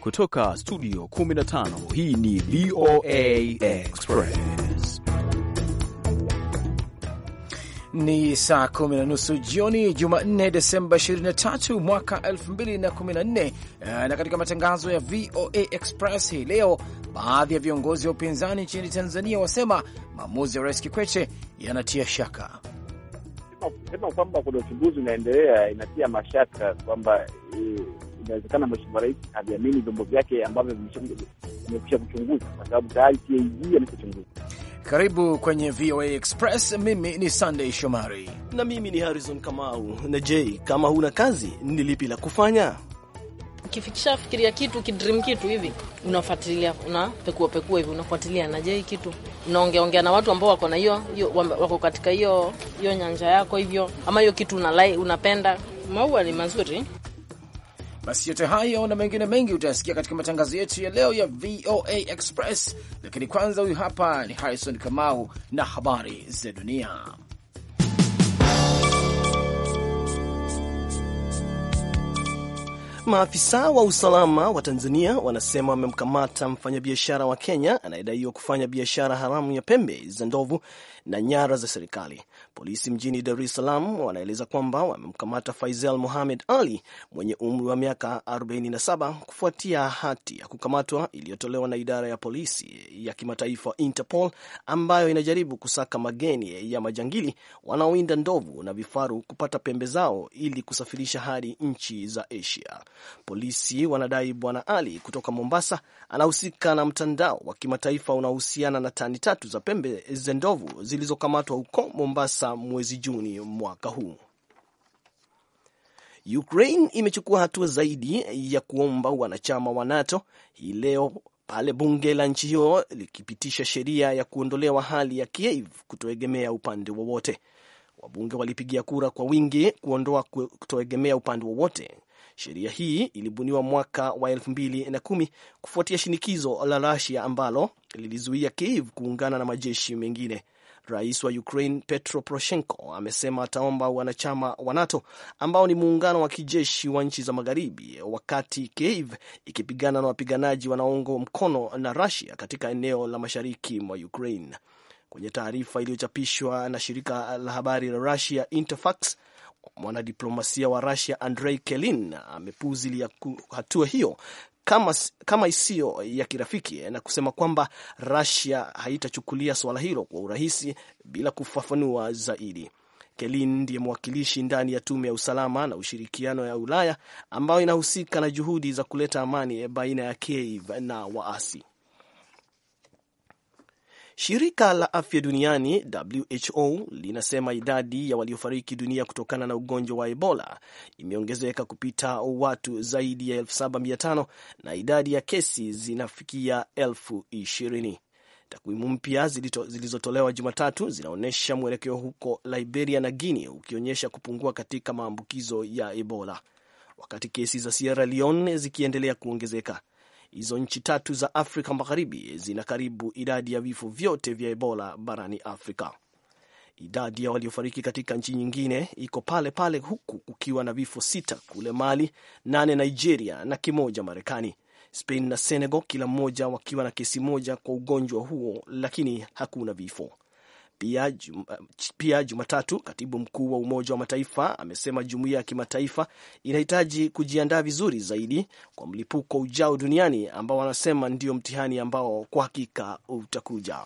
Kutoka studio 15 hii ni VOA Express. Ni saa kumi na nusu jioni Jumanne, Desemba 23 mwaka 2014. Eh, na katika matangazo ya VOA Express hii leo, baadhi ya viongozi wa upinzani nchini Tanzania wasema maamuzi ya Rais Kikwete yanatia shaka. Sema kwamba kuna uchunguzi unaendelea inatia mashaka kwamba eh, inawezekana mheshimiwa rais haviamini vyombo vyake ambavyo vimekwisha kuchunguza, kwa sababu tayari TAG amekuchunguza. Karibu kwenye VOA Express. Mimi ni Sunday Shomari na mimi ni Harrison Kamau. Na je, kama huna kazi ni lipi la kufanya? Ukifikisha fikiria kitu kidream kitu hivi, unafuatilia una pekua pekua hivi, unafuatilia na je kitu, unaongeongea na watu ambao wako na hiyo hiyo, wako katika hiyo hiyo nyanja yako hivyo, ama hiyo kitu unalai, unapenda. Maua ni mazuri basi yote hayo na mengine mengi utayasikia katika matangazo yetu ya leo ya VOA Express, lakini kwanza, huyu hapa ni Harrison Kamau na habari za dunia. Maafisa wa usalama wa Tanzania wanasema wamemkamata mfanyabiashara wa Kenya anayedaiwa kufanya biashara haramu ya pembe za ndovu na nyara za serikali. Polisi mjini Dar es Salaam wanaeleza kwamba wamemkamata Faisal Mohamed Ali mwenye umri wa miaka 47 kufuatia hati ya kukamatwa iliyotolewa na idara ya polisi ya kimataifa Interpol, ambayo inajaribu kusaka mageni ya majangili wanaowinda ndovu na vifaru kupata pembe zao ili kusafirisha hadi nchi za Asia. Polisi wanadai Bwana Ali kutoka Mombasa anahusika na mtandao wa kimataifa unaohusiana na tani tatu za pembe za ndovu zilizokamatwa huko Mombasa Ufaransa mwezi Juni mwaka huu. Ukraine imechukua hatua zaidi ya kuomba wanachama wa NATO hii leo pale bunge la nchi hiyo likipitisha sheria ya kuondolewa hali ya Kiev kutoegemea upande wowote. Wabunge walipigia kura kwa wingi kuondoa kutoegemea upande wowote. Sheria hii ilibuniwa mwaka wa elfu mbili na kumi kufuatia shinikizo la Rusia ambalo lilizuia Kiev kuungana na majeshi mengine Rais wa Ukraine Petro Poroshenko amesema ataomba wanachama wa NATO ambao ni muungano wa kijeshi wa nchi za magharibi, wakati Kiev ikipigana na wapiganaji wanaoungwa mkono na Russia katika eneo la mashariki mwa Ukraine. Kwenye taarifa iliyochapishwa na shirika la habari la Russia Interfax, mwanadiplomasia wa Russia Andrei Kelin amepuzilia hatua hiyo kama, kama isiyo ya kirafiki eh, na kusema kwamba Russia haitachukulia suala hilo kwa urahisi bila kufafanua zaidi. Kelin ndiye mwakilishi ndani ya tume ya usalama na ushirikiano ya Ulaya ambayo inahusika na juhudi za kuleta amani eh, baina ya Kiev na waasi. Shirika la afya duniani WHO linasema idadi ya waliofariki dunia kutokana na ugonjwa wa Ebola imeongezeka kupita watu zaidi ya 7500 na idadi ya kesi zinafikia 20 Takwimu mpya zilizotolewa Jumatatu zinaonyesha mwelekeo huko Liberia na Guinea ukionyesha kupungua katika maambukizo ya Ebola, wakati kesi za Sierra Leone zikiendelea kuongezeka. Hizo nchi tatu za Afrika Magharibi zina karibu idadi ya vifo vyote vya Ebola barani Afrika. Idadi ya waliofariki katika nchi nyingine iko pale pale, huku kukiwa na vifo sita kule Mali, nane Nigeria na kimoja Marekani. Spain na Senegal kila mmoja wakiwa na kesi moja kwa ugonjwa huo, lakini hakuna vifo. Pia, jum, pia Jumatatu katibu mkuu wa Umoja wa Mataifa amesema jumuiya ya kimataifa inahitaji kujiandaa vizuri zaidi kwa mlipuko ujao duniani ambao wanasema ndio mtihani ambao kwa hakika utakuja.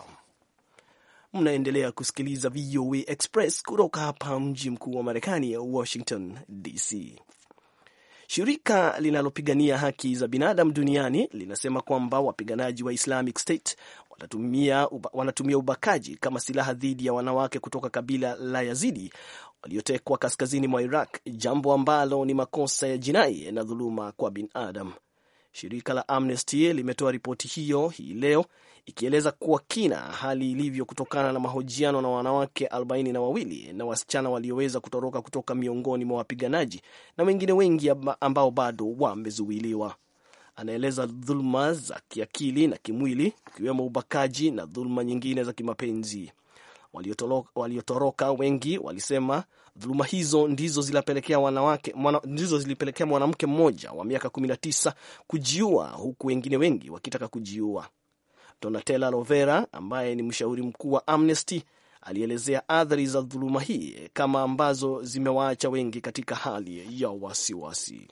Mnaendelea kusikiliza VOA Express kutoka hapa mji mkuu wa Marekani, Washington DC. Shirika linalopigania haki za binadamu duniani linasema kwamba wapiganaji wa Islamic State wanatumia, wanatumia ubakaji kama silaha dhidi ya wanawake kutoka kabila la Yazidi waliotekwa kaskazini mwa Iraq, jambo ambalo ni makosa ya jinai na dhuluma kwa binadamu. Shirika la Amnesty limetoa ripoti hiyo hii leo ikieleza kuwa kina hali ilivyo kutokana na mahojiano na wanawake arobaini na wawili na wasichana walioweza kutoroka kutoka miongoni mwa wapiganaji na wengine wengi ambao bado wamezuiliwa. Anaeleza dhuluma za kiakili na kimwili, ikiwemo ubakaji na dhuluma nyingine za kimapenzi. Waliotoroka wengi walisema dhuluma hizo ndizo zilipelekea wanawake, mwana, ndizo zilipelekea mwanamke mmoja wa miaka 19 kujiua huku wengine wengi wakitaka kujiua. Donatella Rovera ambaye ni mshauri mkuu wa Amnesty alielezea athari za dhuluma hii kama ambazo zimewaacha wengi katika hali ya wasiwasi wasi.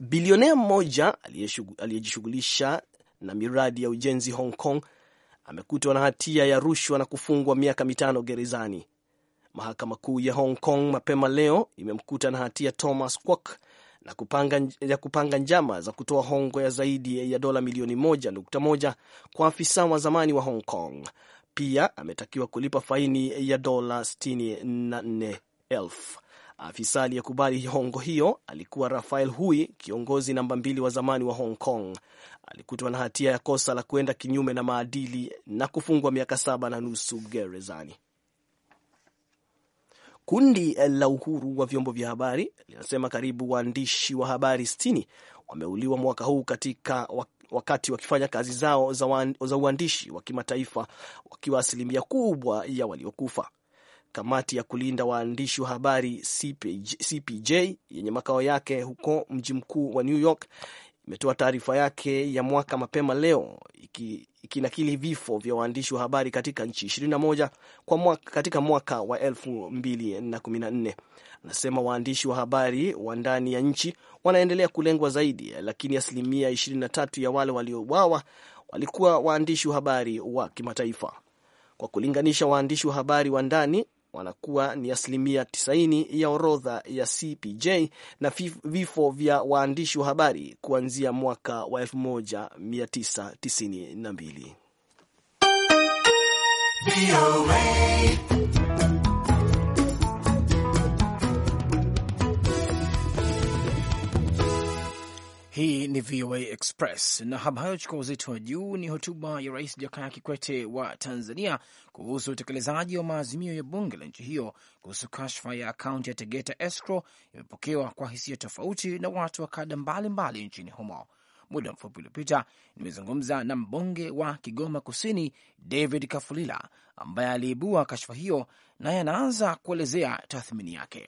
Bilionea mmoja aliyejishughulisha na miradi ya ujenzi Hong Kong amekutwa na hatia ya rushwa na kufungwa miaka mitano gerezani. Mahakama Kuu ya Hong Kong mapema leo imemkuta na hatia Thomas Kwok na kupanga, ya kupanga njama za kutoa hongo ya zaidi ya dola milioni moja nukta moja kwa afisa wa zamani wa Hong Kong. Pia ametakiwa kulipa faini ya dola sitini na nne elfu. Afisa aliyekubali hongo hiyo alikuwa Rafael Hui, kiongozi namba mbili wa zamani wa Hong Kong. Alikutwa na hatia ya kosa la kuenda kinyume na maadili na kufungwa miaka saba na nusu gerezani. Kundi la uhuru wa vyombo vya habari linasema karibu waandishi wa habari 60 wameuliwa mwaka huu katika wakati wakifanya kazi zao za uandishi wa kimataifa, wakiwa asilimia kubwa ya waliokufa. Kamati ya kulinda waandishi wa habari CPJ, CPJ yenye makao yake huko mji mkuu wa New York imetoa taarifa yake ya mwaka mapema leo ikinakili iki vifo vya waandishi wa habari katika nchi 21 kwa mwaka, katika mwaka wa 2014. Anasema waandishi wa habari wa ndani ya nchi wanaendelea kulengwa zaidi, lakini asilimia 23 ya wale waliouawa walikuwa waandishi wa habari wa kimataifa. Kwa kulinganisha, waandishi wa habari wa ndani wanakuwa ni asilimia 90 ya orodha ya CPJ na vifo vya waandishi wa habari kuanzia mwaka wa 1992. Hii ni VOA Express na habari chukua uzito wa juu ni hotuba ya Rais Jakaya Kikwete wa Tanzania kuhusu utekelezaji wa maazimio ya bunge la nchi hiyo kuhusu kashfa ya akaunti ya Tegeta Escrow. Imepokewa kwa hisia tofauti na watu wa kada mbalimbali nchini humo. Muda mfupi uliopita nimezungumza na mbunge wa Kigoma Kusini David Kafulila ambaye aliibua kashfa hiyo, naye anaanza kuelezea tathmini yake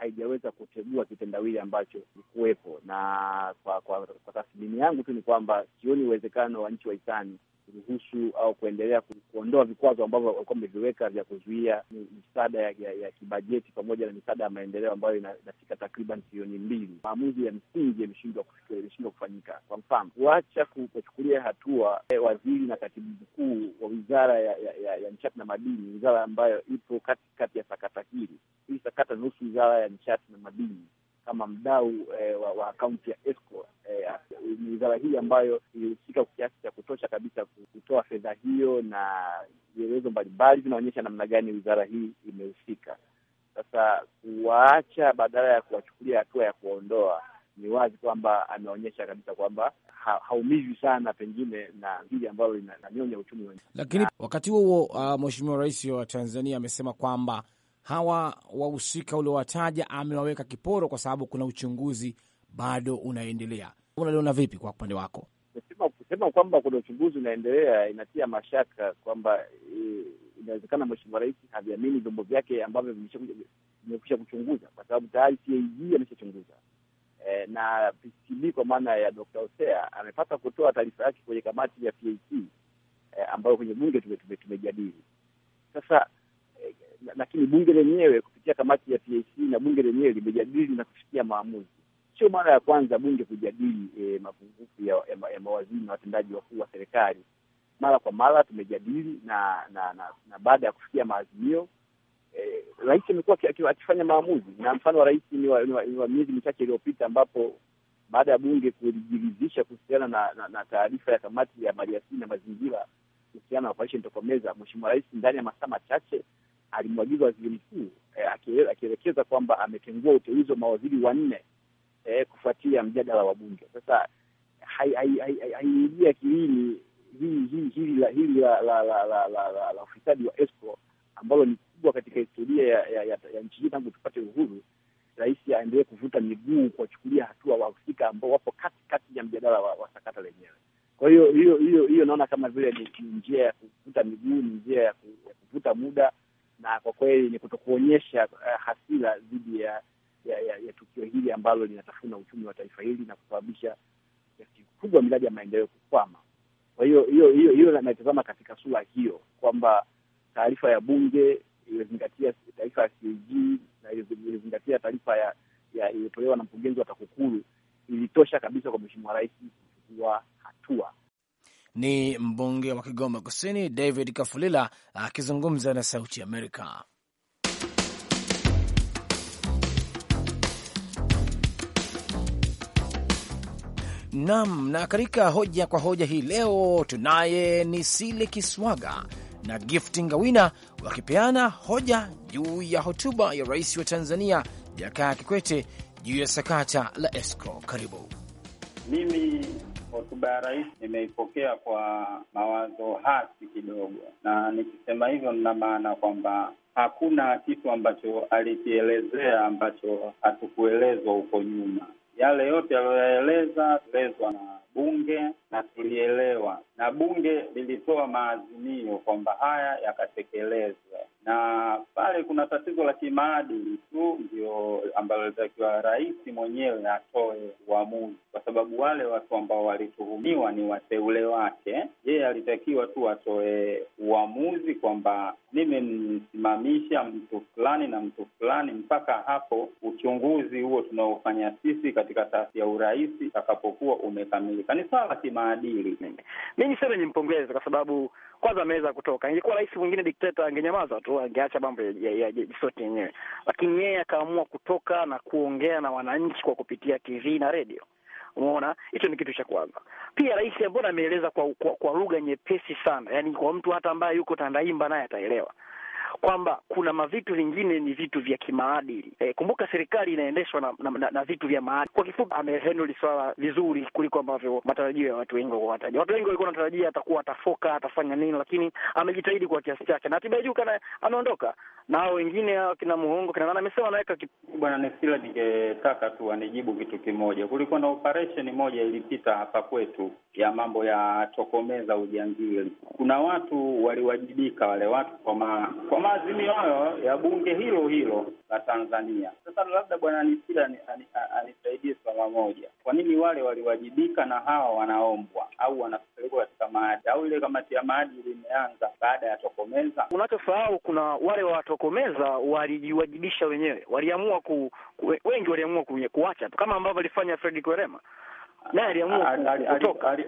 haijaweza kutegua kitendawili ambacho ni kuwepo, na kwa kwa, kwa tathmini yangu tu ni kwamba sioni uwezekano wa nchi wahisani kuruhusu au kuendelea kuondoa vikwazo ambavyo walikuwa wameviweka vya kuzuia misaada ya, ya, ya kibajeti pamoja na misaada ya maendeleo ambayo inafika takriban trilioni mbili. Maamuzi ya msingi yameshindwa kufanyika. Kwa mfano, kuacha kuchukulia hatua eh, waziri na katibu mkuu wa wizara ya, ya, ya, ya nishati na madini, wizara ambayo ipo katikati ya sakata hili, hii sakata inahusu wizara ya nishati na madini kama mdau e, wa, wa akaunti ya esco ni eh, wizara hii ambayo ilihusika kiasi cha kutosha kabisa kutoa fedha hiyo, na vielezo mbalimbali vinaonyesha namna gani wizara hii imehusika. Sasa kuwaacha badala ya kuwachukulia hatua ya kuwaondoa, ni wazi kwamba ameonyesha kabisa kwamba ha, haumizwi sana pengine na hili ambalo linanyonya uchumi. Lakini wakati huo uh, Mheshimiwa Rais wa Tanzania amesema kwamba hawa wahusika uliowataja amewaweka kiporo kwa sababu kuna uchunguzi bado unaendelea. Unaliona vipi kwa upande wako? Kusema kwamba kuna uchunguzi unaendelea inatia mashaka kwamba e, inawezekana Mheshimiwa Rais haviamini vyombo vyake ambavyo vimekwisha kuchunguza, kwa sababu tayari CAG ameshachunguza e, na PCB kwa maana ya Dkt. Hosea amepata kutoa taarifa yake kwenye kamati ya PAC e, ambayo kwenye bunge tumejadili tume, tume sasa lakini bunge lenyewe kupitia kamati ya PAC na bunge lenyewe limejadili na kufikia maamuzi. Sio mara ya kwanza bunge kujadili e, mapungufu ya, ya, ya mawaziri na watendaji wakuu wa serikali. Mara kwa mara tumejadili na na, na, na baada ya kufikia maazimio e, rais amekuwa akifanya maamuzi, na mfano wa rais ni wa, wa, wa miezi michache iliyopita ambapo baada ya bunge kujiridhisha kuhusiana na, na, na taarifa ya kamati ya maliasili na mazingira kuhusiana na operesheni Tokomeza, mheshimiwa rais ndani ya masaa machache alimwagiza waziri mkuu eh, akielekeza kwamba ametengua uteuzi wa mawaziri wanne eh, kufuatia mjadala wa bunge. Sasa haiingia kiini hili la ufisadi wa escrow ambalo ni kubwa katika historia ya, ya, ya, ya nchi hii tangu tupate uhuru. Rais aendelee kuvuta miguu kuwachukulia hatua wahusika ambao wapo kati kati ya mjadala wa, wa sakata lenyewe. Kwa hiyo hiyo hiyo hiyo naona kama vile ni njia ya kuvuta miguu, ni njia ya kuvuta muda na kwa kweli ni kutokuonyesha uh, hasira dhidi ya ya, ya, ya tukio hili ambalo linatafuna uchumi wa taifa hili na kusababisha kiasi kikubwa miradi ya maendeleo kukwama. Kwa hiyo hiyo hiyo hiyo naitazama katika sura hiyo kwamba taarifa ya bunge iliyozingatia taarifa ya CAG na iliyozingatia taarifa ya ya iliyotolewa na mkurugenzi wa TAKUKURU ilitosha kabisa kwa Mheshimiwa Rais kuchukua hatua. Ni mbunge wa Kigoma Kusini David Kafulila akizungumza na Sauti Amerika. Nam na katika hoja kwa hoja hii leo tunaye ni Sile Kiswaga na Gifti Ngawina wakipeana hoja juu ya hotuba ya rais wa Tanzania Jakaya Kikwete juu ya sakata la Esco. Karibu. Mimi hotuba ya rais nimeipokea kwa mawazo hasi kidogo, na nikisema hivyo nina maana kwamba hakuna kitu ambacho alikielezea ambacho hatukuelezwa huko nyuma. Yale yote aliyoyaeleza elezwa na bunge na tulielewa, na bunge lilitoa maazimio kwamba haya yakatekelezwe, na pale kuna tatizo la kimaadili tu ndio ambalo litakiwa rais mwenyewe atoe uamuzi, kwa sababu wale watu ambao walituhumiwa ni wateule wake. Yeye alitakiwa tu atoe uamuzi kwamba nimemsimamisha mtu fulani na mtu fulani mpaka hapo uchunguzi huo tunaofanya sisi katika taasisi ya urais utakapokuwa umekamilika. Ni swala la kimaadili. Mi niseme nimpongeze kwa sababu kwanza ameweza kutoka. Ingekuwa rais mwingine dikteta angenyamaza tu, angeacha mambo jisoti yenyewe, lakini yeye akaamua kutoka na kuongea na wananchi kwa kupitia TV na redio. Umeona, hicho ni kitu cha kwanza. Pia rais mbona ameeleza kwa, kwa, kwa lugha nyepesi sana, yani kwa mtu hata ambaye yuko Tandaimba naye ataelewa kwamba kuna mavitu vingine ni vitu vya kimaadili. E, kumbuka serikali inaendeshwa na, na, na, na vitu vya maadili. Kwa kifupi, amehendoli swala vizuri kuliko ambavyo matarajio ya watu wengi wataja. Watu wengi walikuwa wanatarajia atakuwa atafoka atafanya nini, lakini amejitahidi kwa kiasi chake, na hatimaye juu kana ameondoka na wengine kina Muhongo kina nani amesema anaweka bwana Nesila. Ningetaka tu anijibu kitu kimoja. Kulikuwa na operation moja ilipita hapa kwetu ya mambo ya tokomeza ujangili. Kuna watu waliwajibika wale watu kwa ma, kwa maazimio hayo ya bunge hilo hilo la Tanzania. Sasa labda Bwana Nisila anisaidie swala moja, kwa nini wale waliwajibika na hawa wanaombwa au wanapelekwa katika maadili au ile kamati ya maadili imeanza baada ya Tokomeza? Unachosahau, kuna wale wa Tokomeza walijiwajibisha wenyewe, waliamua ku, ku, wengi waliamua kuacha tu kama ambavyo alifanya fredi kwerema naye aliamua kutoka.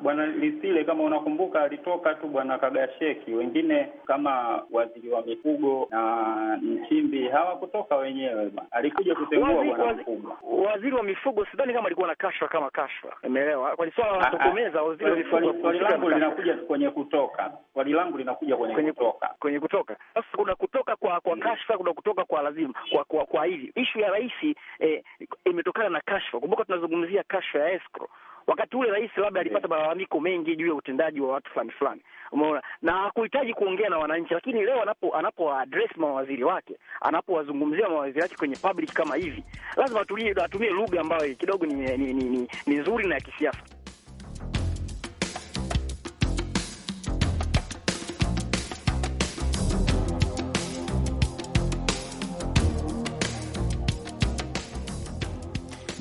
Bwana Lisile, kama unakumbuka, alitoka tu bwana Kagasheki. Wengine kama waziri wa mifugo na Nchimbi hawakutoka wenyewe bwana, alikuja kutengua bwana mkubwa. Waziri wa mifugo sidhani kama alikuwa na kashfa kama kashfa, umeelewa? Kwa swala la kutokomeza waziri wa mifugo, swali langu linakuja kwenye kutoka, swali langu linakuja kwenye kwenye kutoka, kwenye kutoka. Sasa kuna kutoka kwa kwa mm. kashfa, kuna kutoka kwa lazima, kwa kwa kwa hivi ishu ya rais eh, imetokana na kashfa. Kumbuka tunazungumzia kashfa ya escrow. Wakati ule rais labda eh. alipata malalamiko mengi juu ya utendaji wa watu fulani fulani, umeona, na hakuhitaji kuongea na wananchi. Lakini leo anapo anapowaadress mawaziri wake, anapowazungumzia mawaziri wake kwenye public kama hivi, lazima atumie lugha ambayo kidogo ni, ni, ni, ni, ni nzuri na ya kisiasa.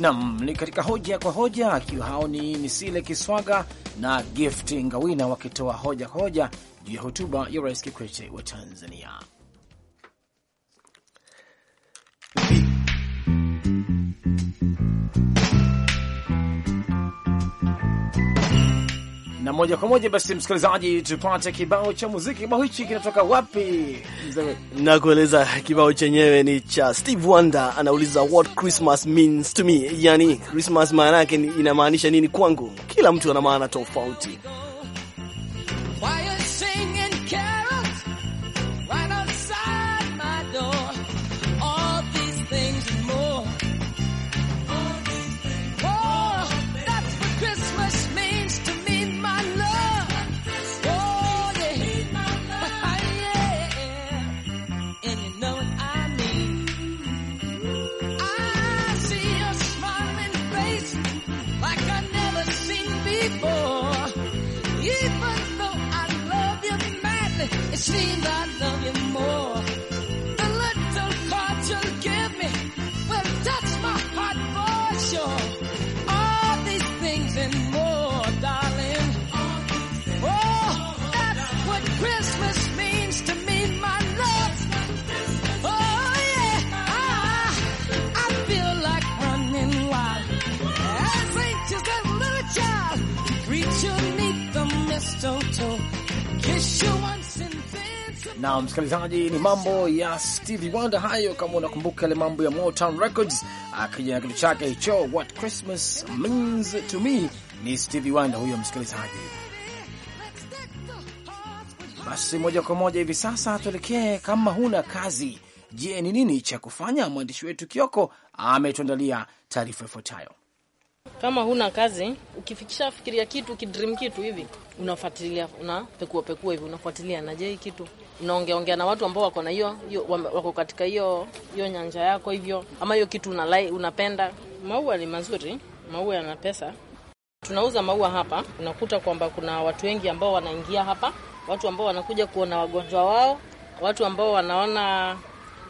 Nam ni katika hoja kwa hoja, akiwa hao ni Misile Kiswaga na Gift Ngawina wakitoa hoja kwa hoja juu ya hotuba ya Rais Kikwete wa Tanzania. na moja kwa moja basi, msikilizaji, tupate kibao cha muziki. Kibao hichi kinatoka wapi? Na kueleza kibao chenyewe ni cha Steve Wonder, anauliza what Christmas means to me, yani Christmas maana yake inamaanisha nini kwangu. Kila mtu ana maana tofauti. na msikilizaji, ni mambo ya Stevie Wonder hayo, kama unakumbuka ile mambo ya Motown Records, akija na kitu chake hicho What Christmas Means to Me. Ni Stevie Wonder huyo, msikilizaji. Basi moja kwa moja hivi sasa tuelekee, kama huna kazi, je, ni nini cha kufanya? Mwandishi wetu Kioko ametuandalia taarifa ifuatayo. Kama huna kazi, ukifikisha fikiria kitu kidream kitu hivi, unafuatilia unapekua pekua hivi, unafuatilia na je hii kitu unaongea ongea na watu ambao wako na hiyo wako katika hiyo hiyo nyanja yako hivyo, ama hiyo kitu unalai, unapenda. Maua ni mazuri, maua yana pesa. Tunauza maua hapa, unakuta kwamba kuna watu wengi ambao wanaingia hapa, watu ambao wanakuja kuona wagonjwa wao, watu ambao wanaona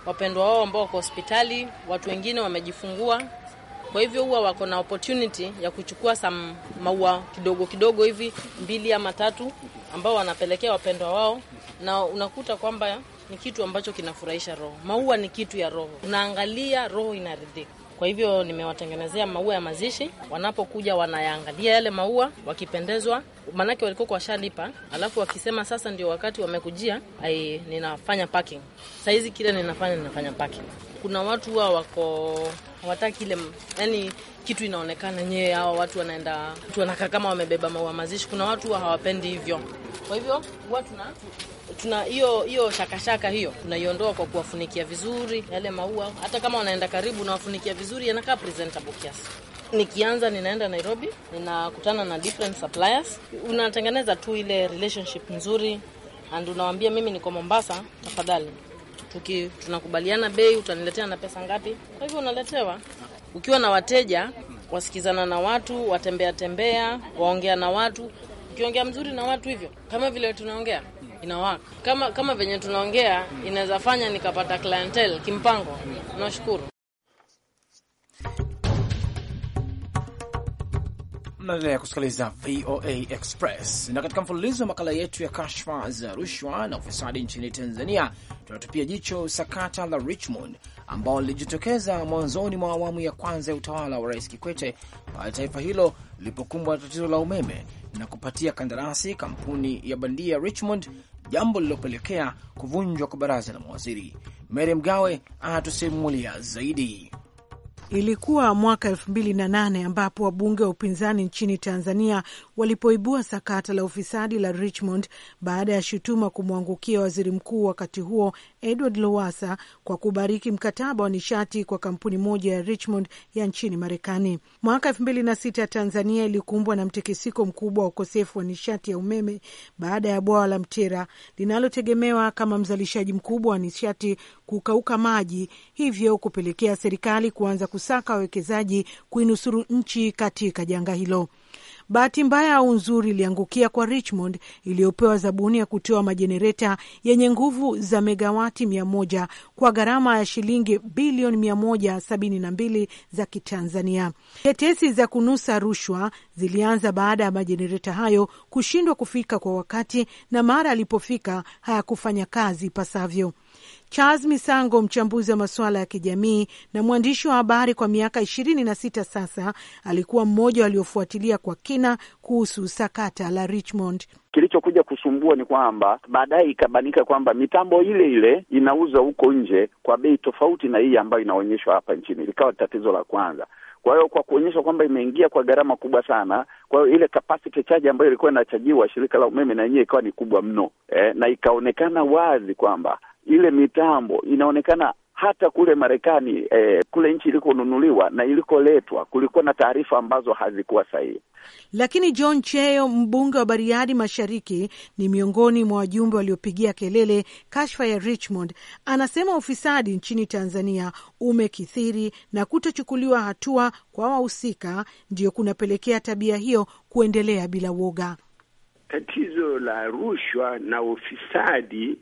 wapendwa wao ambao wako hospitali, watu wengine wamejifungua. Kwa hivyo huwa wako na opportunity ya kuchukua sam maua kidogo kidogo hivi mbili ama tatu, ambao wanapelekea wapendwa wao, na unakuta kwamba ni kitu ambacho kinafurahisha roho. Maua ni kitu ya roho, unaangalia roho inaridhika. Kwa hivyo nimewatengenezea maua ya mazishi. Wanapokuja wanayaangalia yale maua, wakipendezwa, maanake walikuwa washalipa, alafu wakisema sasa ndio wakati wamekujia, ai, ninafanya packing. Saizi kile ninafanya ninafanya packing. Kuna watu huwa wako hawataki ile, yani kitu inaonekana nyewe, hawa watu wanaenda, watu wanakaa kama wamebeba maua mazishi. Kuna watu hawapendi hivyo, kwa hivyo huwa tuna tuna hiyo hiyo shakashaka hiyo tunaiondoa kwa kuwafunikia vizuri yale maua. Hata kama wanaenda karibu, nawafunikia vizuri, yanakaa presentable kiasi. Nikianza ninaenda Nairobi, ninakutana na different suppliers, unatengeneza tu ile relationship nzuri, and unawaambia mimi niko Mombasa, tafadhali tuki tunakubaliana bei, utaniletea na pesa ngapi? Kwa hivyo unaletewa. Ukiwa na wateja, wasikizana na watu, watembea tembea, waongea na watu, ukiongea mzuri na watu hivyo, kama vile tunaongea inawaka, kama kama venye tunaongea inaweza fanya nikapata clientele kimpango. Nashukuru. Mnaendelea kusikiliza VOA Express, na katika mfululizo wa makala yetu ya kashfa za rushwa na ufisadi nchini Tanzania, tunatupia jicho sakata la Richmond ambao lilijitokeza mwanzoni mwa awamu ya kwanza ya utawala wa Rais Kikwete pale taifa hilo lilipokumbwa na tatizo la umeme na kupatia kandarasi kampuni ya bandia Richmond, jambo lililopelekea kuvunjwa kwa baraza la mawaziri. Mary Mgawe anatusimulia zaidi. Ilikuwa mwaka elfu mbili na nane ambapo wabunge wa upinzani nchini Tanzania walipoibua sakata la ufisadi la Richmond baada ya shutuma kumwangukia waziri mkuu wakati huo Edward Lowasa kwa kubariki mkataba wa nishati kwa kampuni moja ya Richmond ya nchini Marekani. Mwaka elfu mbili na sita Tanzania ilikumbwa na mtikisiko mkubwa wa ukosefu wa nishati ya umeme baada ya bwawa la Mtera linalotegemewa kama mzalishaji mkubwa wa nishati kukauka maji, hivyo kupelekea serikali kuanza kusaka wawekezaji kuinusuru nchi katika janga hilo. Bahati mbaya au nzuri iliangukia kwa Richmond iliyopewa zabuni ya kutoa majenereta yenye nguvu za megawati mia moja kwa gharama ya shilingi bilioni mia moja sabini na mbili za Kitanzania. Tetesi za kunusa rushwa zilianza baada ya majenereta hayo kushindwa kufika kwa wakati na mara alipofika hayakufanya kazi ipasavyo. Charles Misango, mchambuzi wa masuala ya kijamii na mwandishi wa habari kwa miaka ishirini na sita sasa, alikuwa mmoja waliofuatilia kwa kina kuhusu sakata la Richmond. Kilichokuja kusumbua ni kwamba baadaye ikabanika kwamba mitambo ile ile inauza huko nje kwa bei tofauti na hii ambayo inaonyeshwa hapa nchini. Likawa tatizo la kwanza. Kwa hiyo kwa kuonyesha kwamba imeingia kwa gharama kubwa sana, kwa hiyo ile capacity charge ambayo ilikuwa inachajiwa shirika la umeme na yenyewe ikawa ni kubwa mno eh, na ikaonekana wazi kwamba ile mitambo inaonekana hata kule Marekani eh, kule nchi ilikonunuliwa na ilikoletwa kulikuwa na taarifa ambazo hazikuwa sahihi. Lakini John Cheyo, mbunge wa Bariadi Mashariki, ni miongoni mwa wajumbe waliopigia kelele kashfa ya Richmond, anasema ufisadi nchini Tanzania umekithiri na kutochukuliwa hatua kwa wahusika ndio kunapelekea tabia hiyo kuendelea bila woga tatizo la rushwa na ufisadi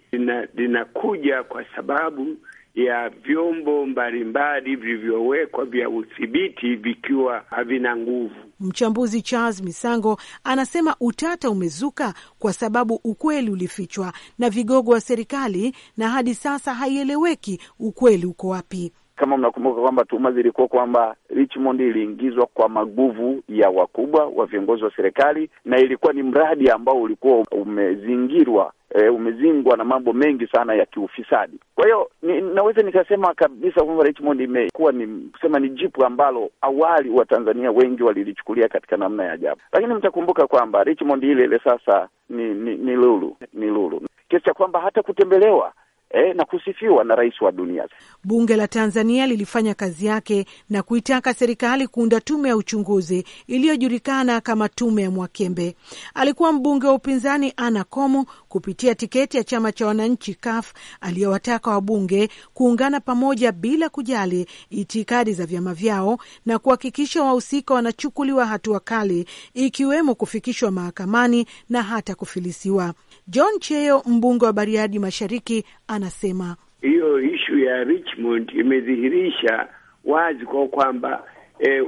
linakuja kwa sababu ya vyombo mbalimbali vilivyowekwa vya udhibiti vikiwa havina nguvu. Mchambuzi Charles Misango anasema utata umezuka kwa sababu ukweli ulifichwa na vigogo wa serikali na hadi sasa haieleweki ukweli uko wapi. Kama mnakumbuka kwamba tuhuma zilikuwa kwamba Richmond iliingizwa kwa maguvu ya wakubwa wa viongozi wa serikali, na ilikuwa ni mradi ambao ulikuwa umezingirwa E, umezingwa na mambo mengi sana ya kiufisadi. Kwa hiyo ni, naweza nikasema kabisa kwamba Richmond imekuwa ni kusema ni jipu ambalo awali Watanzania wengi walilichukulia katika namna ya ajabu, lakini mtakumbuka kwamba Richmond ile ile sasa ni, ni, ni lulu ni lulu kiasi cha kwamba hata kutembelewa eh, na kusifiwa na rais wa dunia. Bunge la Tanzania lilifanya kazi yake na kuitaka serikali kuunda tume ya uchunguzi iliyojulikana kama tume ya Mwakembe. Alikuwa mbunge wa upinzani Ana Komu kupitia tiketi ya chama cha wananchi CUF aliyowataka wabunge kuungana pamoja bila kujali itikadi za vyama vyao na kuhakikisha wahusika wanachukuliwa hatua kali ikiwemo kufikishwa mahakamani na hata kufilisiwa. John Cheyo, mbunge wa Bariadi Mashariki, anasema hiyo ishu ya Richmond imedhihirisha wazi kwa kwamba e,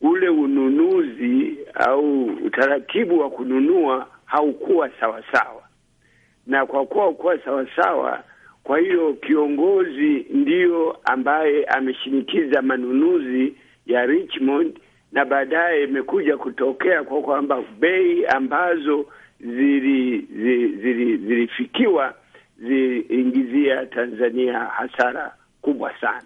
ule ununuzi au utaratibu wa kununua haukuwa sawasawa, na kwa kuwa haukuwa sawasawa, kwa hiyo kiongozi ndiyo ambaye ameshinikiza manunuzi ya Richmond, na baadaye imekuja kutokea kwa kwamba bei ambazo zilifikiwa zili, zili, zilifikiwa ziingizia Tanzania hasara kubwa sana.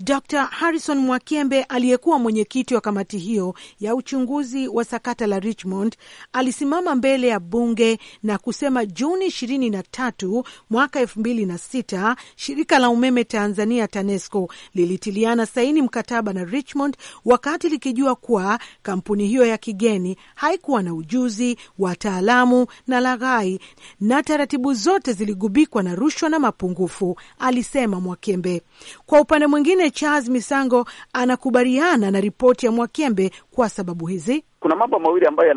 Dr Harrison Mwakembe, aliyekuwa mwenyekiti wa kamati hiyo ya uchunguzi wa sakata la Richmond, alisimama mbele ya bunge na kusema Juni 23 mwaka 2006 shirika la umeme Tanzania TANESCO lilitiliana saini mkataba na Richmond wakati likijua kuwa kampuni hiyo ya kigeni haikuwa na ujuzi, wataalamu na laghai, na taratibu zote ziligubikwa na rushwa na mapungufu, alisema Mwakembe. Kwa upande mwingine Pengine Charles Misango anakubaliana na ripoti ya Mwakembe kwa sababu hizi. Kuna mambo mawili ambayo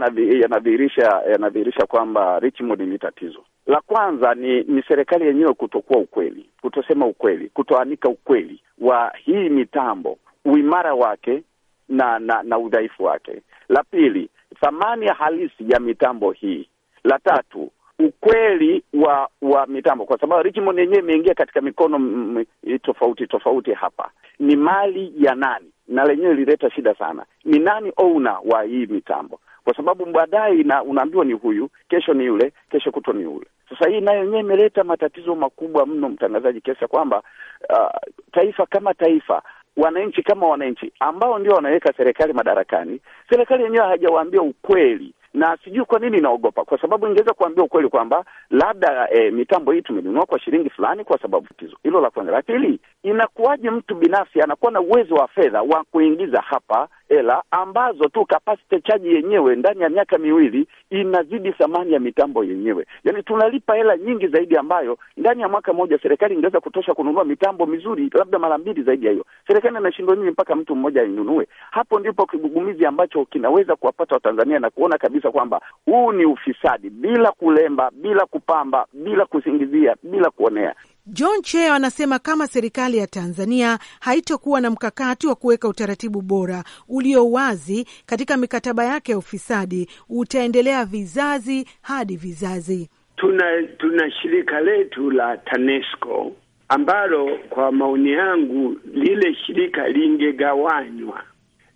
yanadhihirisha yanadhihirisha kwamba Richmond ni tatizo. La kwanza ni ni serikali yenyewe kutokuwa ukweli, kutosema ukweli, kutoanika ukweli wa hii mitambo, uimara wake na na, na udhaifu wake. La pili, thamani halisi ya mitambo hii. La tatu, ukweli wa wa mitambo, kwa sababu Richmond yenyewe imeingia katika mikono tofauti tofauti. Hapa ni mali ya nani, na lenyewe ilileta shida sana. Ni nani owner wa hii mitambo? Kwa sababu baadaye unaambiwa ni huyu, kesho ni yule, kesho kutwa ni yule. Sasa hii nayo yenyewe imeleta matatizo makubwa mno, mtangazaji, kiasi kwamba uh, taifa kama taifa wananchi kama wananchi ambao ndio wanaweka serikali madarakani, serikali yenyewe hajawaambia ukweli na sijui kwa nini inaogopa, kwa sababu ingeweza kuambia ukweli kwamba labda e, mitambo hii tumenunua kwa shilingi fulani kwa sababu tizo. Hilo la kwanza. La pili, inakuwaje mtu binafsi anakuwa na uwezo wa fedha wa kuingiza hapa hela ambazo tu capacity charge yenyewe ndani ya miaka miwili inazidi thamani ya mitambo yenyewe. Yani tunalipa hela nyingi zaidi, ambayo ndani ya mwaka mmoja serikali ingeweza kutosha kununua mitambo mizuri labda mara mbili zaidi ya hiyo. Serikali inashindwa nini mpaka mtu mmoja ainunue? Hapo ndipo kigugumizi ambacho kinaweza kuwapata Watanzania na kuona kabisa kwamba huu ni ufisadi, bila kulemba, bila kupamba, bila kusingizia, bila kuonea. John Cheo anasema kama serikali ya Tanzania haitokuwa na mkakati wa kuweka utaratibu bora ulio wazi katika mikataba yake ya ufisadi, utaendelea vizazi hadi vizazi. Tuna, tuna shirika letu la TANESCO ambalo kwa maoni yangu lile shirika lingegawanywa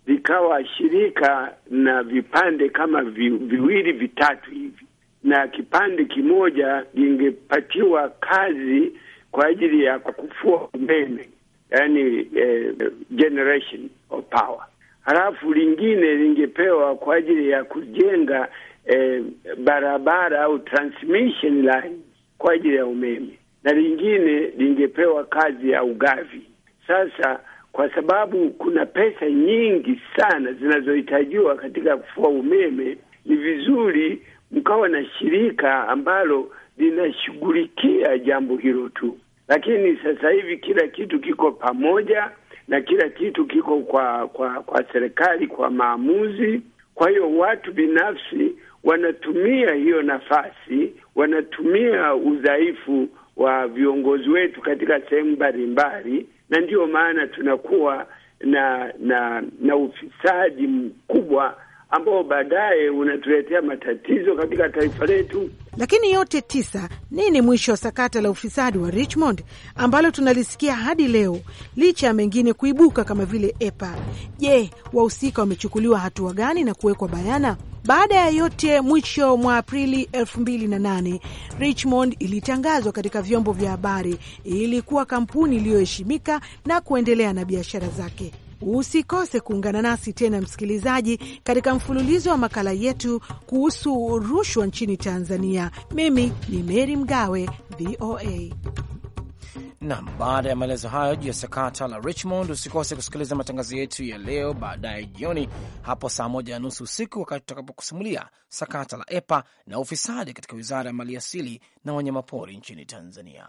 likawa shirika na vipande kama vi, viwili vitatu hivi, na kipande kimoja lingepatiwa kazi kwa ajili ya kufua umeme, yani eh, generation of power. Halafu lingine lingepewa kwa ajili ya kujenga eh, barabara au transmission line kwa ajili ya umeme, na lingine lingepewa kazi ya ugavi. Sasa kwa sababu kuna pesa nyingi sana zinazohitajiwa katika kufua umeme, ni vizuri mkawa na shirika ambalo linashughulikia jambo hilo tu lakini sasa hivi kila kitu kiko pamoja na kila kitu kiko kwa kwa kwa serikali kwa maamuzi. Kwa hiyo watu binafsi wanatumia hiyo nafasi, wanatumia udhaifu wa viongozi wetu katika sehemu mbalimbali, na ndiyo maana tunakuwa na na na ufisadi mkubwa ambao baadaye unatuletea matatizo katika taifa letu. Lakini yote tisa, nini mwisho wa sakata la ufisadi wa Richmond ambalo tunalisikia hadi leo licha ya mengine kuibuka kama vile EPA? Je, wahusika wamechukuliwa hatua gani na kuwekwa bayana? Baada ya yote, mwisho mwa Aprili 2008 Richmond ilitangazwa katika vyombo vya habari ilikuwa kampuni iliyoheshimika na kuendelea na biashara zake. Usikose kuungana nasi tena, msikilizaji, katika mfululizo wa makala yetu kuhusu rushwa nchini Tanzania. Mimi ni Meri Mgawe, VOA. Nam, baada ya maelezo hayo juu ya sakata la Richmond, usikose kusikiliza matangazo yetu ya leo baadaye jioni hapo saa moja na nusu usiku, wakati tutakapokusimulia sakata la EPA na ufisadi katika wizara ya maliasili na wanyamapori nchini Tanzania.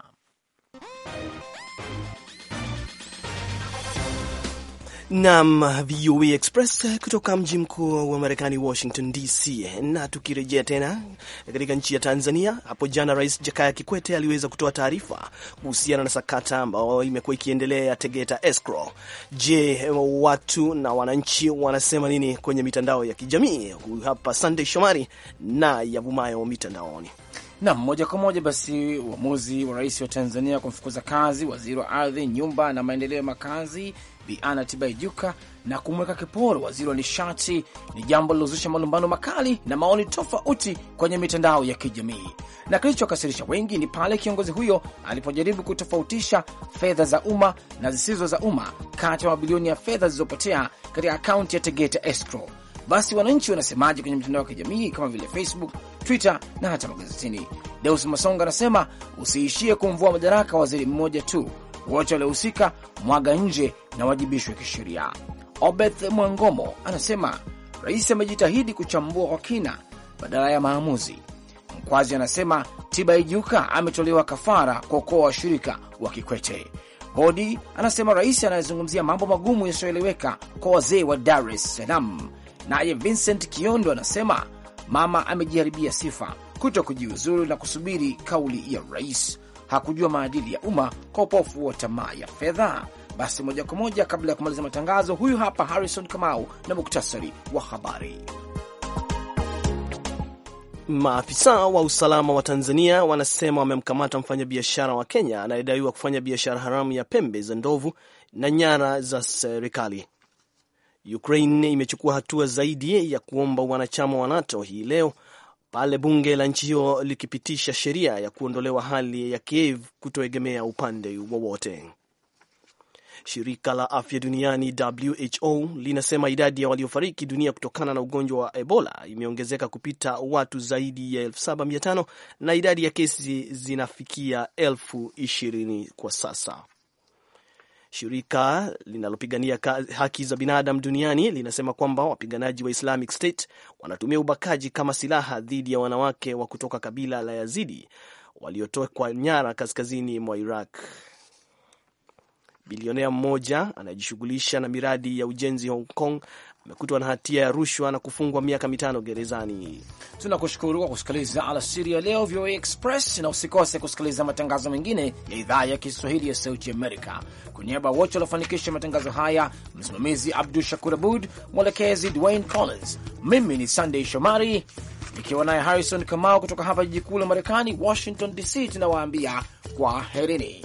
Nam VOA Express kutoka mji mkuu wa Marekani, Washington DC. Na tukirejea tena katika nchi ya Tanzania, hapo jana Rais Jakaya Kikwete aliweza kutoa taarifa kuhusiana na sakata ambayo imekuwa ikiendelea ya Tegeta Escrow. Je, watu na wananchi wanasema nini kwenye mitandao ya kijamii? Huyu hapa Sandey Shomari na yavumayo mitandaoni. Nam, moja kwa moja basi, uamuzi wa rais wa Tanzania kumfukuza kazi waziri wa ardhi, nyumba na maendeleo ya makazi Biana Anna Tibaijuka na kumweka kiporo waziri wa nishati ni jambo lilozusha malumbano makali na maoni tofauti kwenye mitandao ya kijamii. Na kilichokasirisha wengi ni pale kiongozi huyo alipojaribu kutofautisha fedha za umma na zisizo za umma kati ya mabilioni ya fedha zilizopotea katika akaunti ya Tegeta Escrow. Basi wananchi wanasemaje kwenye mitandao ya kijamii kama vile Facebook, Twitter na hata magazetini? Deus Masonga anasema usiishie kumvua madaraka waziri mmoja tu wote waliohusika mwaga nje na wajibishwe kisheria. Obeth Mwangomo anasema rais amejitahidi kuchambua kwa kina badala ya maamuzi. Mkwazi anasema Tibaijuka ametolewa kafara kuokoa washirika wa Kikwete. bodi anasema rais anayezungumzia mambo magumu yasiyoeleweka kwa wazee wa Dar es Salaam. Naye Vincent Kiondo anasema mama amejiharibia sifa kuto kujiuzuru na kusubiri kauli ya rais hakujua maadili ya umma kwa upofu wa tamaa ya fedha. Basi moja kwa moja, kabla ya kumaliza matangazo, huyu hapa Harrison Kamau na muktasari wa habari. Maafisa wa usalama wa Tanzania wanasema wamemkamata mfanyabiashara wa Kenya anayedaiwa kufanya biashara haramu ya pembe za ndovu na nyara za serikali. Ukraine imechukua hatua zaidi ya kuomba wanachama wa NATO hii leo pale bunge la nchi hiyo likipitisha sheria ya kuondolewa hali ya Kiev kutoegemea upande wowote. Shirika la afya duniani WHO linasema idadi ya waliofariki dunia kutokana na ugonjwa wa Ebola imeongezeka kupita watu zaidi ya 7500 na idadi ya kesi zinafikia elfu kwa sasa. Shirika linalopigania haki za binadamu duniani linasema kwamba wapiganaji wa Islamic State wanatumia ubakaji kama silaha dhidi ya wanawake wa kutoka kabila la Yazidi waliotokwa nyara kaskazini mwa Iraq. Bilionea mmoja anayejishughulisha na miradi ya ujenzi Hong Kong amekutwa na hatia ya rushwa na kufungwa miaka mitano gerezani. Tunakushukuru kwa kusikiliza alasiri ya leo VOA Express, na usikose kusikiliza matangazo mengine ya idhaa ya Kiswahili ya Sauti Amerika. Kwa niaba wote waliofanikisha matangazo haya, msimamizi Abdu Shakur Abud, mwelekezi Dwayne Collins, mimi ni Sandey Shomari nikiwa naye Harrison Kamau kutoka hapa jiji kuu la Marekani, Washington DC, tunawaambia kwa herini